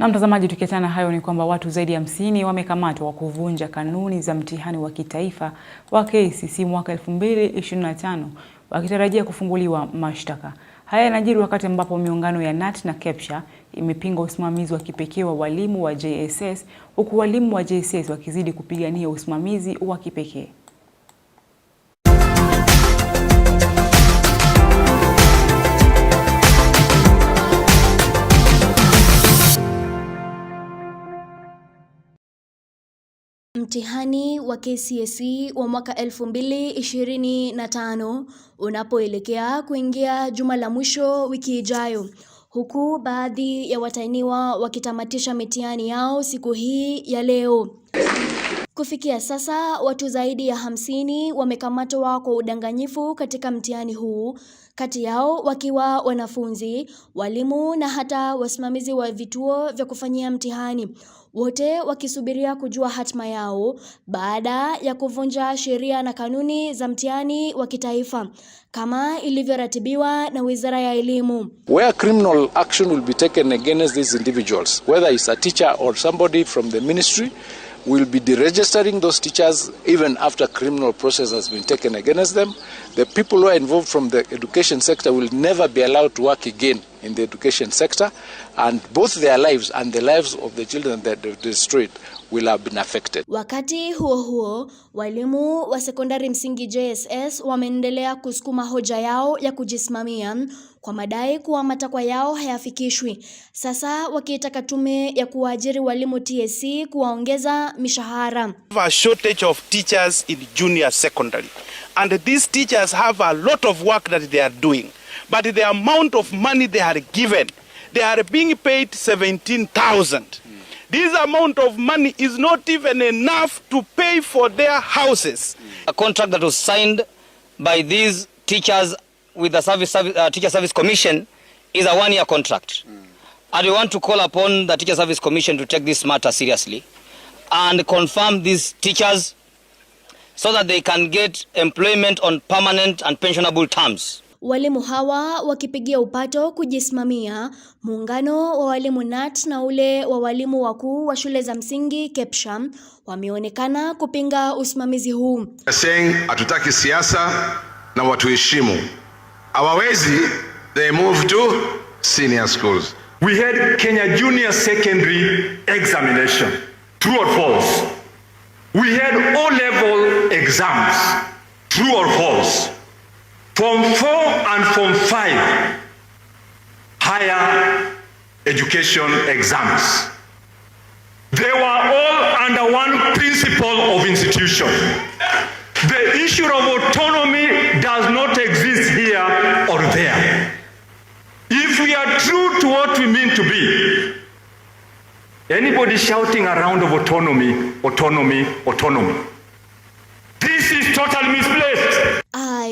Na mtazamaji, tukiachana hayo ni kwamba watu zaidi ya hamsini wamekamatwa wa kuvunja kanuni za mtihani wa kitaifa wa kcc mwaka 2025 wakitarajia kufunguliwa mashtaka. Haya yanajiri wakati ambapo miungano ya KNUT na KEPSHA imepinga usimamizi wa kipekee wa walimu wa JSS huku walimu wa JSS wakizidi kupigania usimamizi wa kipekee. Mtihani wa KCSE wa mwaka 2025 unapoelekea kuingia juma la mwisho wiki ijayo, huku baadhi ya watahiniwa wakitamatisha mitihani yao siku hii ya leo. Kufikia sasa watu zaidi ya hamsini wamekamatwa kwa udanganyifu katika mtihani huu, kati yao wakiwa wanafunzi, walimu na hata wasimamizi wa vituo vya kufanyia mtihani, wote wakisubiria kujua hatima yao baada ya kuvunja sheria na kanuni za mtihani wa kitaifa kama ilivyoratibiwa na Wizara ya Elimu. Where criminal action will be taken against these individuals, whether it's a teacher or somebody from the ministry will be deregistering those teachers even after criminal process has been taken against them. The people who are involved from the education sector will never be allowed to work again in the education sector, and both their lives and the lives of the children that they've destroyed will have been affected. Wakati huo huo, walimu wa sekondari msingi JSS wameendelea kusukuma hoja yao ya kujisimamia kwa madai kuwa matakwa yao hayafikishwi. Sasa wakitaka tume ya kuwaajiri walimu TSC kuwaongeza mishahara. A shortage of teachers in junior secondary and these teachers have a lot of work that they are doing. But the amount of money they are given, they are being paid 17,000. Mm. This amount of money is not even enough to pay for their houses. A contract that was signed by these teachers with the service, uh, Teacher Service Commission is a one-year contract. Mm. And we want to call upon the Teacher Service Commission to take this matter seriously and confirm these teachers so that they can get employment on permanent and pensionable terms. Walimu hawa wakipigia upato kujisimamia, muungano wa walimu KNUT na ule wa walimu wakuu wa shule za msingi KEPSHA wameonekana kupinga usimamizi huu. Saying hatutaki siasa na watuheshimu. Hawawezi, they move to senior schools. We had Kenya Junior Secondary examination. True or false? We had O level exams. True or false? Form 4 and Form 5 higher education exams. They were all under one principle of institution. The issue of autonomy does not exist here or there. If we are true to what we mean to be, anybody shouting around of autonomy, autonomy, autonomy, this is totally misplaced.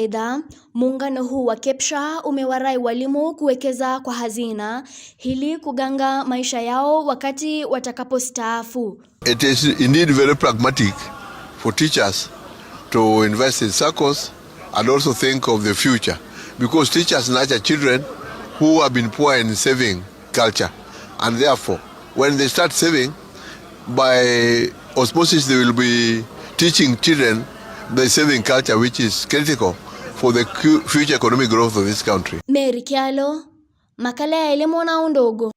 Aidha, muungano huu wa KEPSHA umewarai walimu kuwekeza kwa hazina ili kuganga maisha yao wakati watakapostaafu. It is indeed very pragmatic for teachers to invest in SACCOs and also think of the future because teachers nurture children who have been poor in saving culture and therefore when they start saving by osmosis they will be teaching children the saving culture which is critical for the future economic growth of this country. Mary Kialo, makala ya elimu na undogo.